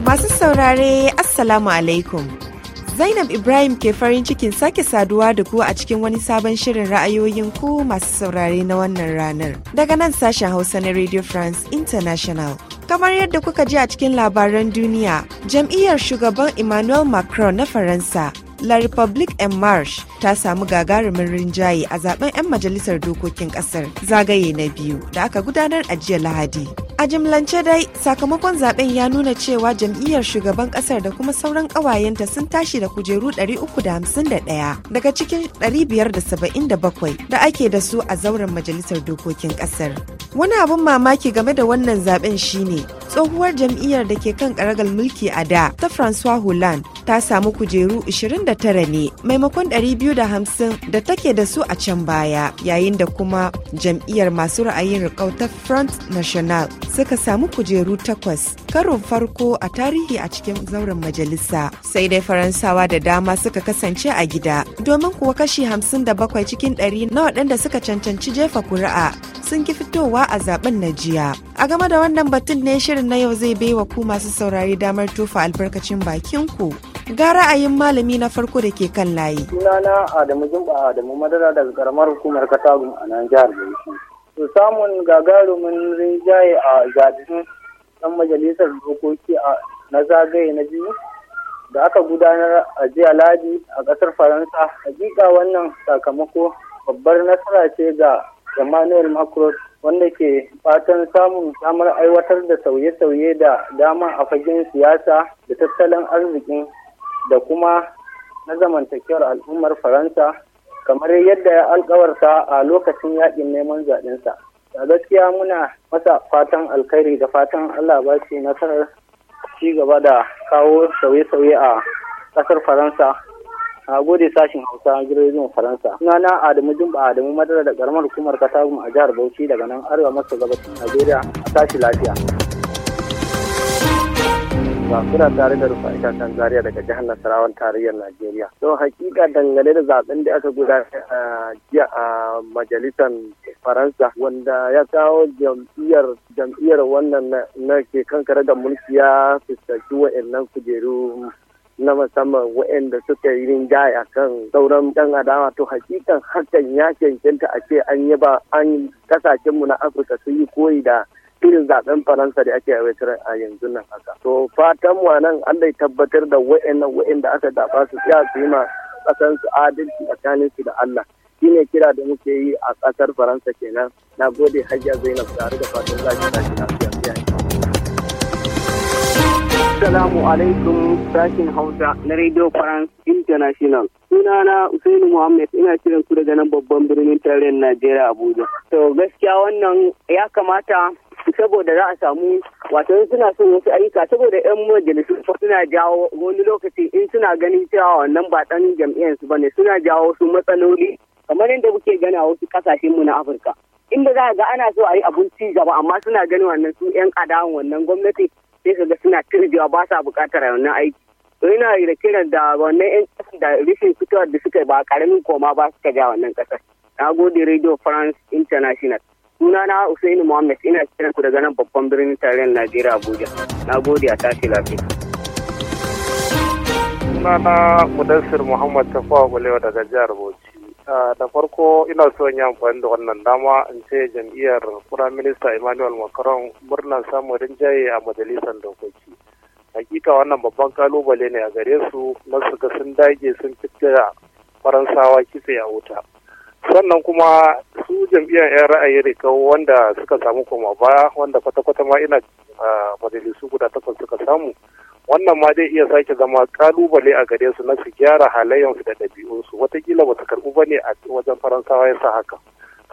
Masu saurare Assalamu alaikum. Zainab Ibrahim ke farin cikin sake saduwa da ku a cikin wani sabon shirin ra'ayoyin ku masu saurare na wannan ranar. Daga nan sashen Hausa na Radio France International. kamar yadda kuka ji a cikin labaran duniya jam'iyyar shugaban emmanuel macron na faransa La Republique en Marche ta samu gagarumin rinjaye a zaben 'yan majalisar dokokin kasar zagaye na biyu da aka gudanar a jiya Lahadi. A jimlance dai sakamakon zaben ya nuna cewa jam'iyyar shugaban kasar da kuma sauran kawayenta sun tashi da kujeru 351 daga cikin 577 da ake da su a zauren majalisar dokokin kasar. Wani abin mamaki game da wannan zaben shine tsohuwar jam'iyyar da ke kan karagar mulki a da ta Francois Hollande ta samu kujeru 29 ne maimakon 250 da take da su a can baya yayin da kuma jam'iyyar masu ra'ayin rikau ta Front National suka samu kujeru takwas karon farko a tarihi a cikin zauren majalisa sai dai faransawa da dama suka kasance a gida domin kuwa kashi hamsin da bakwai cikin 100 na waɗanda suka cancanci jefa kuri'a sun ki fitowa a zaben na jiya a game da wannan batun ne shirin na yau zai bai wa ku masu saurari damar tofa albarkacin bakin ku ga ra'ayin malami na farko da ke kan layi. Sunana Adamu Jumba Adamu Madara daga karamar hukumar Katagun a nan jihar Bauchi. to samun gagarumin rinjaye a zaɓen ɗan majalisar dokoki na zagaye na biyu da aka gudanar a jiya ladi a ƙasar faransa hakika wannan sakamako babbar nasara ce ga emmanuel macron wanda ke fatan samun samar aiwatar da sauye-sauye da dama a fagen siyasa da tattalin arzikin da kuma na zamantakewar al'ummar faransa kamar yadda ya alkawarta a lokacin yaƙin neman zaɓensa. A gaskiya muna masa fatan alkhairi da fatan Allah ba shi nasarar ci gaba da kawo sauye-sauye a ƙasar Faransa. A gode sashin Hausa jirgin Faransa. na Adamu Jumba Adamu Madara da ƙaramar hukumar Katagun a jihar Bauchi daga nan Arewa maso gabashin Najeriya a tashi lafiya. ba kuna tare da rufa kan zaria daga jihar nasarawan tarayyar najeriya don hakika dangane da zaben da aka gudanar a jiya a majalisar faransa wanda ya kawo jam'iyyar wannan na ke kankare da mulki ya fuskanci wa'annan kujeru na musamman waɗanda suka yi rinjaye a kan sauran yan adawa to hakikan hakan ya cancanta a ce an yi ba an kasashenmu na afirka sun yi koyi da irin zaben faransa da ake aiwatar a yanzu nan haka to fatan mu nan an ya tabbatar da wa'annan da aka zaba su ya su yi ma kasan su adalci tsakanin su da Allah shine kira da muke yi a kasar faransa kenan na gode hajiya zainab tare da fatan za ki tashi lafiya Assalamu alaikum sashin Hausa na Radio France International. Sunana Usainu Muhammad ina kiran ku daga nan babban birnin tarayyar Najeriya Abuja. To gaskiya wannan ya kamata saboda za a samu wato suna son wasu ayyuka saboda yan majalisun suna jawo wani lokaci in suna ganin cewa wannan ba ɗan jam'iyyar ba ne suna jawo su matsaloli kamar yadda muke gana wasu mu na afirka inda za a ga ana so a yi abun ci gaba amma suna ganin wannan su yan adawan wannan gwamnati sai ka ga suna turjewa ba sa buƙatar wannan aiki to yana da kiran da wannan yan ƙasar da rishin fitowar da suka ba ƙaramin koma ba suka ja wannan ƙasar na gode radio france international sunana Usainu Muhammad ina kiran ku daga nan babban birnin tarayyar Najeriya Abuja. Na gode a tashi lafiya. Sunana Mudassir Muhammad Tafawa Gulewa daga jihar Bauchi. Ah, da farko ina so yi amfani da wannan dama in ce jam'iyyar Firayim Minista Emmanuel Macron murnar samun rinjaye a majalisar dokoki. Hakika wannan babban kalubale ne a gare su na su ga sun dage sun fitta Faransawa kitse a wuta. sannan kuma su jam'iyyar 'yan ra'ayi kawo wanda suka samu koma baya wanda kwata-kwata ma ina majalisu guda takwas suka samu wannan ma zai iya sake zama kalubale a gare su na su gyara halayensu da ɗabi'unsu watakila ba su karɓu ba ne a wajen faransawa ya sa haka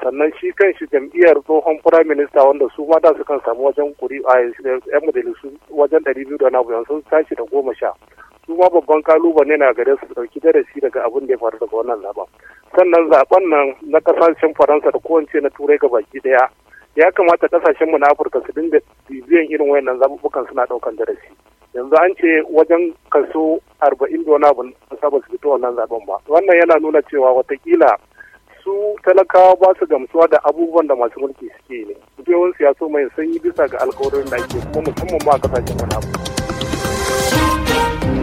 sannan shi kan shi jam'iyyar tsohon firayim minista wanda su ma da su kan samu wajen kuri a eh, yan majalisu wajen ɗari biyu da na sun tashi da goma sha su ma babban kalubale na gare su dauki darasi daga abin da ya faru daga wannan zaben sannan zaben nan na kasashen faransa da kowace na turai ga baki daya ya kamata kasashen mu na afirka su dinga bibiyan irin wayannan zabubukan suna ɗaukan darasi yanzu an ce wajen kaso arba'in da wani abu na ba su fito wannan zaben ba wannan yana nuna cewa watakila su talakawa ba su gamsuwa da abubuwan da masu mulki suke ne yawan siyaso mai sanyi bisa ga alkawarin da ake kuma musamman ma a kasashen wani abu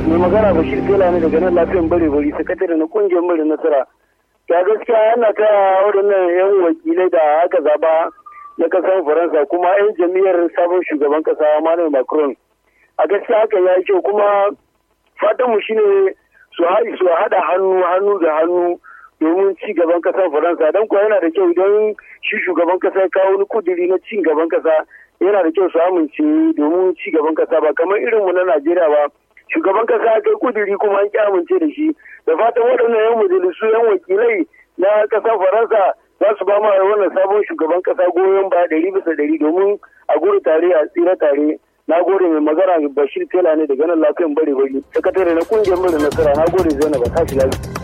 mai magana ba tela ne daga nan lafiyan bare bari sakatare na kungiyar mare nasara ya gaskiya yana ta waɗannan yan wakilai da aka zaba na kasar faransa kuma yan jami'ar sabon shugaban kasa malam macron a gaskiya haka ya yi kyau kuma fatanmu shine su su haɗa hannu hannu da hannu domin ci gaban ƙasar faransa don kuwa yana da kyau idan shi shugaban kasa ya kawo wani kudiri na ci gaban kasa yana da kyau su amince domin ci gaban kasa ba kamar irin mu na najeriya ba shugaban kasa kai kuduri kuma an kyamance da shi da fatan waɗannan yan majalisu yan wakilai na ƙasar faransa za su ba ma wannan sabon shugaban kasa goyon ba ɗari bisa ɗari domin a guri tare a tsira tare na gode mai magana bashir tela ne daga nan lafiyan bari bari sakatare na kungiyar mura nasara na gode zainab tashi lafiya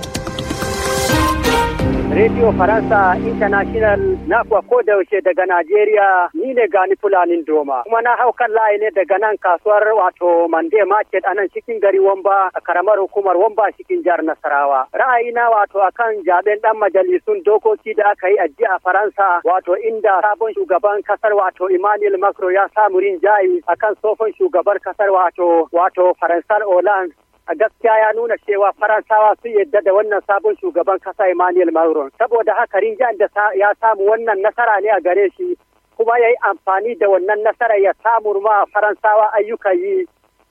Radio Faransa International na kuwa ko da yaushe daga Najeriya ni ne gani Fulanin Doma. Kuma na hau kan layi ne daga nan kasuwar wato Mande Market anan cikin gari Wamba a karamar hukumar Wamba cikin jihar Nasarawa. ra'ayi na wato akan jaben dan majalisun dokoki da aka yi a jiya a Faransa wato inda sabon shugaban kasar wato Emmanuel Macron ya samu rinjaye akan tsofon shugabar kasar wato wato Faransar Hollande a gaskiya ya nuna cewa faransawa sun yadda da wannan sabon shugaban kasa emmanuel macron saboda haka rinjan da ya samu wannan nasara ne a gare shi kuma ya yi amfani da wannan nasarar ya samu ma faransawa ayyukan yi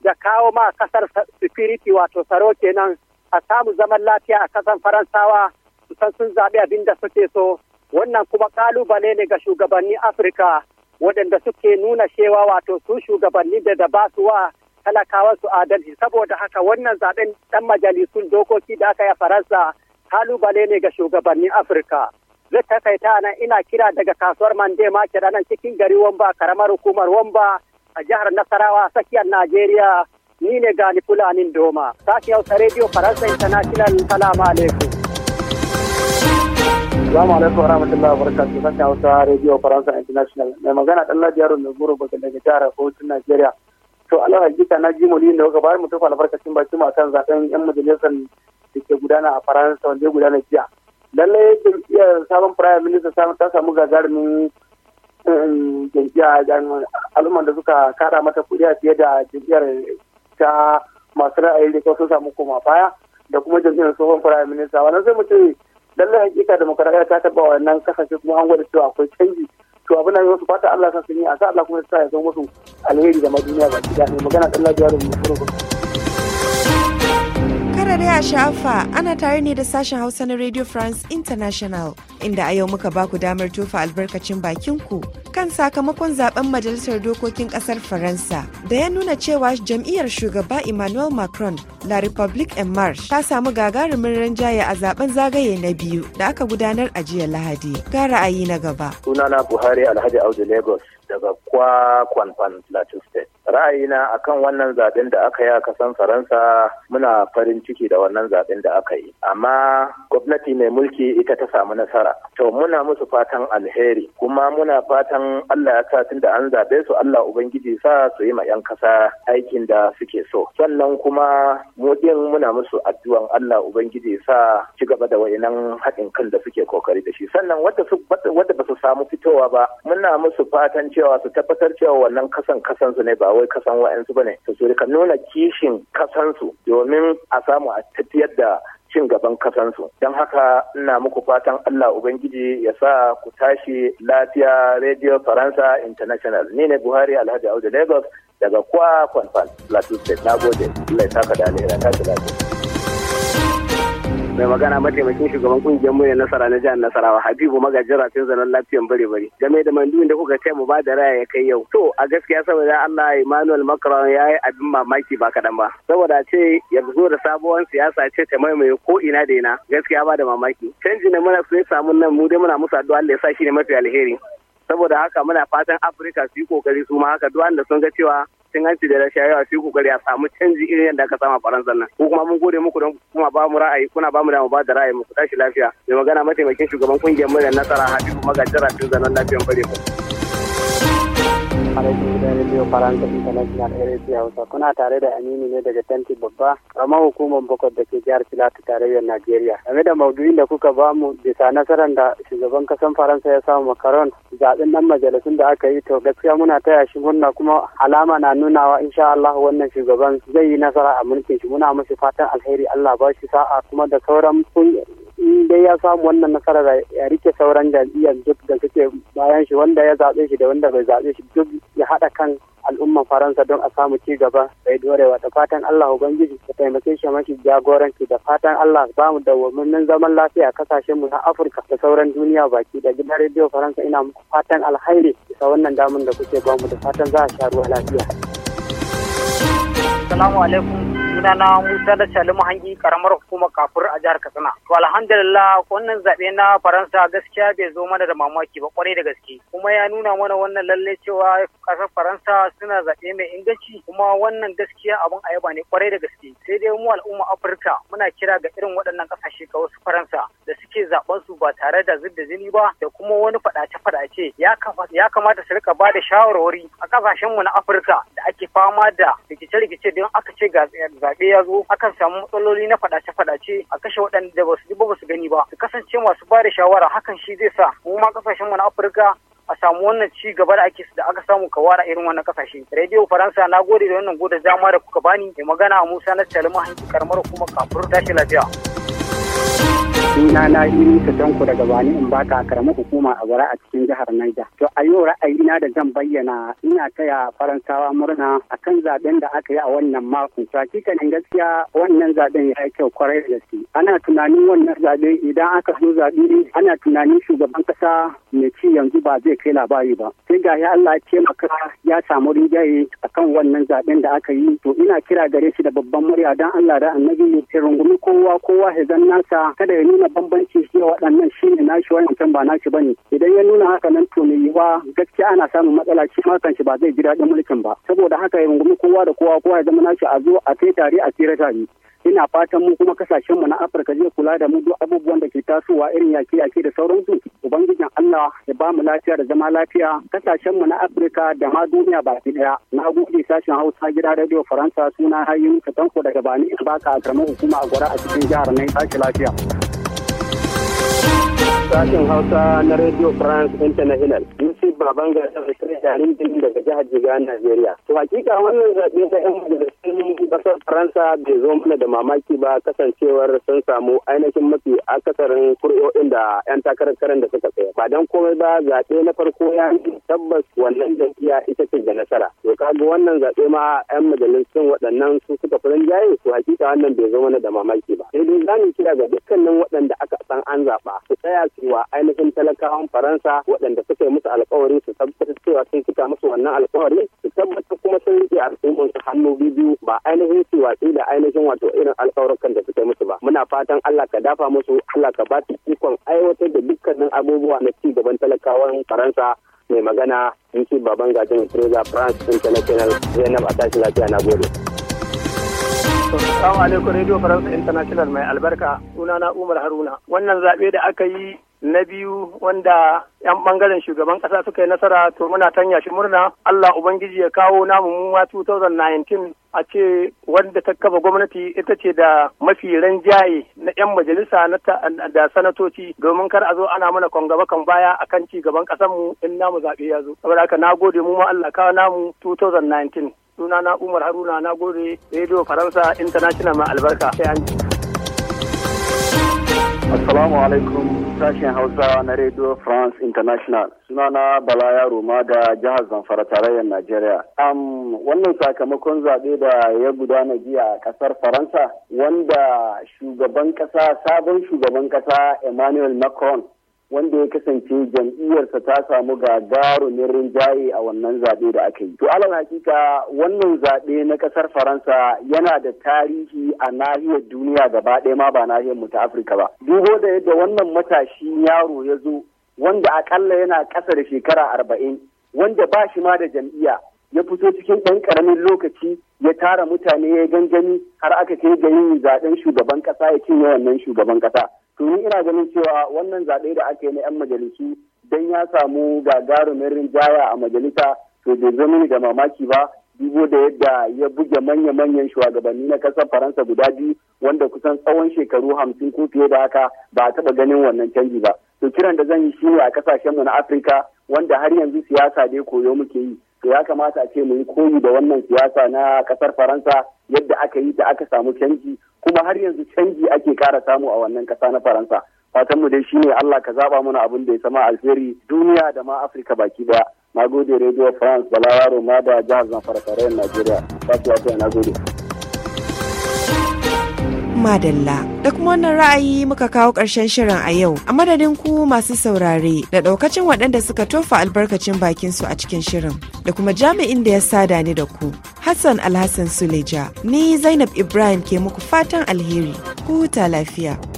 da kawo ma kasar security wato tsaro kenan a samu zaman lafiya a kasan faransawa su san sun zaɓi abin da suke so wannan kuma kalubale ne ga shugabannin afirka waɗanda suke nuna cewa wato su shugabanni da da ba su wa talakawa su adalci saboda haka wannan zaben dan majalisun dokoki da aka yi a faransa kalubale ne ga shugabannin afirka zai takaita nan ina kira daga kasuwar mande market nan cikin gari wamba karamar hukumar wamba a jihar nasarawa tsakiyar najeriya ni ne gani fulanin doma sashi hausa rediyo faransa international salamu alaikum salamu alaikum wa rahmatullahi wa barakatuhu sashen Hausa Radio Faransa International mai magana ɗan Ladi Nuguru daga jihar Bauchi Najeriya. to ala hakika na ji mulin da kuka mu tafi albarkacin bakin mu akan zaben yan majalisar da ke gudana a faransa wanda ya gudana jiya lallai jam'iyyar sabon firayim minista ta samu gagarumin um, jam'iyyar al'ummar da suka kada mata a fiye da jam'iyyar ta masu ra'ayi da sun samu koma baya da kuma jam'iyyar sabon firayim minista wannan sai mu ce lallai hakika demokaradiyya ta taɓa wannan kasashe kuma an gwada cewa akwai canji to abin da ya wasu fata Allah sa sun yi a sa Allah kuma ya sa ya zo musu alheri da duniya baki da ne magana Allah ya da mu Kada da a shafa ana tare ne da sashen Hausa na Radio France International inda a yau muka baku damar tofa albarkacin bakin ku kan sakamakon zaben majalisar dokokin kasar faransa da ya nuna cewa jam'iyyar shugaba emmanuel macron la republique en marche ta samu gagarumin rinjaye a zaben zagaye na biyu da aka gudanar a jiya lahadi ga ra'ayi na gaba sunana buhari alhaji audu lagos daga kwakwan plateau state ra'ayina a kan wannan zaɓen da aka yi a kasan faransa muna farin ciki da wannan zaɓen da aka yi amma gwamnati mai mulki ita ta samu nasara to muna musu fatan alheri kuma muna fatan allah ya sa tun da an zaɓe su allah ubangiji sa su yi ma yan kasa aikin da suke so sannan kuma mu din muna musu addu'an allah ubangiji sa ci gaba da wayanan haɗin kan da suke kokari da shi sannan wadda ba su samu fitowa ba muna musu fatan cewa su tabbatar cewa wannan kasan kasan su ne ba wai kasan wa'ansu bane to su rika nuna kishin kasansu domin a samu a tafiyar da cin gaban kasansu don haka ina muku fatan Allah Ubangiji ya sa ku tashi lafiya Radio Faransa International ni ne Buhari Alhaji Audu Lagos daga kwa Kwanfan Latin State na gode Allah ya saka da alheri ta lafiya mai magana mataimakin shugaban kungiyar murya nasara na jihar nasarawa habibu magajin ratin zanen lafiyan bare bare game da manduyin da kuka ce mu ba da raya ya kai yau to a gaskiya saboda allah emmanuel macron ya yi abin mamaki ba kaɗan ba saboda ce ya zo da sabuwar siyasa ce ta maimaye ko ina da ina gaskiya ba da mamaki canji na muna sun samu nan mu dai muna musu addu'a allah ya sa shi ne mafi alheri saboda haka muna fatan afirka su yi kokari su ma haka duk wanda sun ga cewa cin hanci da rashin yawa su kokari a samu canji irin yadda aka sama faransa nan ko kuma mun gode muku don kuma ba mu ra'ayi kuna ba mu da mu ba da ra'ayi mu tashi lafiya mai magana mataimakin shugaban kungiyar muryar nasara habibu magajira tun zanen lafiyan fare alaikum gidan rediyo faransa international hausa kuna tare da aminu ne daga tanti babba ramar hukumar bakwai da ke jihar filatu tarayyar najeriya game da maudu'in da kuka bamu bisa nasarar da shugaban kasan faransa ya samu makaron zaɓen nan majalisun da aka yi to gaskiya muna taya shi murna kuma alama na nunawa insha Allah wannan shugaban zai yi nasara a mulkin shi muna mashi fatan alheri Allah ba shi sa'a kuma da sauran in dai ya samu wannan nasarar ya rike sauran jam'iyyar duk da suke bayan shi wanda ya zaɓe shi da wanda bai zaɓe shi duk ya haɗa kan al'umman faransa don a samu ci gaba bai dorewa da fatan allah ubangiji ya taimake shi mashi jagoranci da fatan allah ba mu dawwammamin zaman lafiya a kasashen mu na afirka da sauran duniya baki da gidan rediyo faransa ina muku fatan alhairi da wannan damun da kuke ba mu da fatan za a sha ruwa lafiya. Assalamu alaikum na Musa da Salimu Hangi karamar hukumar kafur a jihar Katsina. To alhamdulillah wannan zaɓe na Faransa gaskiya bai zo mana da mamaki ba kwarai da gaske. Kuma ya nuna mana wannan lalle cewa ƙasar Faransa suna zaɓe mai inganci kuma wannan gaskiya a ayaba ne kwarai da gaske. Sai dai mu al'umma Afirka muna kira ga irin waɗannan kasashe ga wasu Faransa da suke zaben su ba tare da da zini ba da kuma wani faɗace-faɗace ya kamata su rika ba da shawarwari a mu na Afirka fama da rikice-rikice don aka ce zaɓe ya zo akan samu matsaloli na faɗace-faɗace a kashe waɗanda ba su ji ba su gani ba su kasance masu ba da shawara hakan shi zai sa mu ma kasashen mu na Afirka a samu wannan ci gaba da ake da aka samu kawara irin wannan kasashe. Radio Faransa na gode da wannan goda dama da kuka bani mai magana Musa na salima Hanki karamar kuma kafur tashi lafiya. suna na yi ta tanku daga bani in ba ka karama hukuma a bara a cikin jihar Niger. To a yau ra'ayina da zan bayyana ina taya Faransawa murna akan zaben da aka yi a wannan mako. To hakikanin gaskiya wannan zaben ya yi kyau kwarai da gaske. Ana tunanin wannan zabe idan aka so zabe ana tunanin shugaban kasa mai ci yanzu ba zai kai labari ba. Sai ga ya Allah taimaka ya samu rinjaye akan wannan zaben da aka yi. To ina kira gare shi da babban murya don Allah da annabi ya rungumi kowa kowa ya zan nasa kada ya nuna nuna bambanci shi waɗannan shi ne nashi wancan ba nashi ne idan ya nuna haka nan to mai yiwa gaskiya ana samun matsala shi ma kanshi ba zai ji daɗin mulkin ba saboda haka ya rungumi kowa da kowa kowa ya zama nashi a zo a kai tare a tsira tare ina fatan mu kuma kasashen mu na Afirka zai kula da mu duk abubuwan da ke tasowa irin yaki yaki da sauransu ubangijin Allah ya ba mu lafiya da zama lafiya kasashen mu na Afirka da ma duniya baki daya na gode sashen Hausa gida Radio Faransa suna Hayyun Katanko daga Bani baka a karamar hukuma a Gwara a cikin jihar Niger tashi lafiya Sashen Hausa na Radio France International, Yusuf Babanga da Jarin Dindin daga jihar Jiga, Najeriya. To hakika wannan zaɓe ta 'yan majalisun ƙasar Faransa bai zo mana da mamaki ba kasancewar sun samu ainihin mafi akasarin kuri'o'in da 'yan takarar da suka tsaya. Ba don komai ba zaɓe na farko ya tabbas wannan jam'iyya ita ce da nasara. To kaga wannan zaɓe ma 'yan majalisun waɗannan su suka fi jaye to hakika wannan bai zo mana da mamaki ba. Sai dai za kira ga dukkanin waɗanda aka san an zaɓa su tsaya cewa ainihin talakawan faransa waɗanda suka yi musu alkawari su tabbatar cewa sun cika musu wannan alkawari su tabbatar kuma sun riƙe al'ummar su hannu biyu ba ainihin su watsi da ainihin wato irin alkawarukan da suka yi musu ba muna fatan Allah ka dafa musu Allah ka ba su ikon aiwatar da dukkanin abubuwa na ci gaban talakawan faransa mai magana yusuf baban gajin Treza France International Zainab Atashi Lafiya na gode. Assalamu alaikum Radio France International mai albarka sunana Umar Haruna. Wannan zaɓe da aka yi na biyu wanda 'yan bangaren shugaban kasa suka yi nasara to muna tanya shi murna Allah Ubangiji ya kawo namu mu ma 2019 a ce wanda ta kafa gwamnati ita ce da mafi ranjaye na 'yan majalisa da sanatoci domin kar a zo ana mana kwangaba kan baya a kan ci gaban mu in namu zaɓe ya zo. Saboda haka na gode mu ma Allah kawo namu 2019. Sunana Umar Haruna na gode Radio Faransa International ma albarka. Sai an Assalamu alaikum sashen Hausa na Radio France International. Sunana Bala ya roma da jihar Zamfara tarayyar Najeriya. Am wannan sakamakon zaɓe da ya gudana jiya a ƙasar Faransa wanda shugaban ƙasa sabon shugaban ƙasa Emmanuel Macron wanda ya kasance jam'iyyarsa ta samu gagarumin rinjaye a wannan zaɓe da aka yi. To alal hakika wannan zaɓe na ƙasar Faransa yana da tarihi a nahiyar duniya gaba ɗaya ma ba nahiyar mu ta Afirka ba. Dubo da yadda wannan matashi yaro ya zo wanda akalla yana ƙasa da shekara arba'in wanda ba shi ma da jam'iyya ya fito cikin ɗan ƙaramin lokaci ya tara mutane ya gangami har aka kai ga yin zaɓen shugaban ƙasa ya cinye wannan shugaban ƙasa. to ina ganin cewa wannan zaɓe da aka yi na 'yan majalisu don ya samu gagarumin rinjaya a majalisa to bai zama da mamaki ba dubo da yadda ya buge manya-manyan shugabanni na ƙasar faransa guda biyu wanda kusan tsawon shekaru hamsin ko fiye da haka ba a taɓa ganin wannan canji ba to kiran da zan yi shi ne a kasashenmu na afirka wanda har yanzu siyasa dai koyo muke yi to ya kamata a ce mu yi koyi da wannan siyasa na ƙasar faransa yadda aka yi ta aka samu canji kuma har yanzu canji ake kara samu a wannan ƙasa na faransa fatan mu dai shine Allah ka zaba mana abin da ya sama alheri duniya da ma Afirka baki daya na gode radio france balawaro ma da jihar zamfara tarayyar najeriya fatu wato na gode madalla da kuma wannan ra'ayi muka kawo ƙarshen shirin a yau a madadin ku masu saurare da ɗaukacin waɗanda suka tofa albarkacin bakin su a cikin shirin da kuma jami'in da ya sada ni da ku Hassan Alhassan Suleja, ni Zainab Ibrahim ke muku fatan alheri, huta lafiya.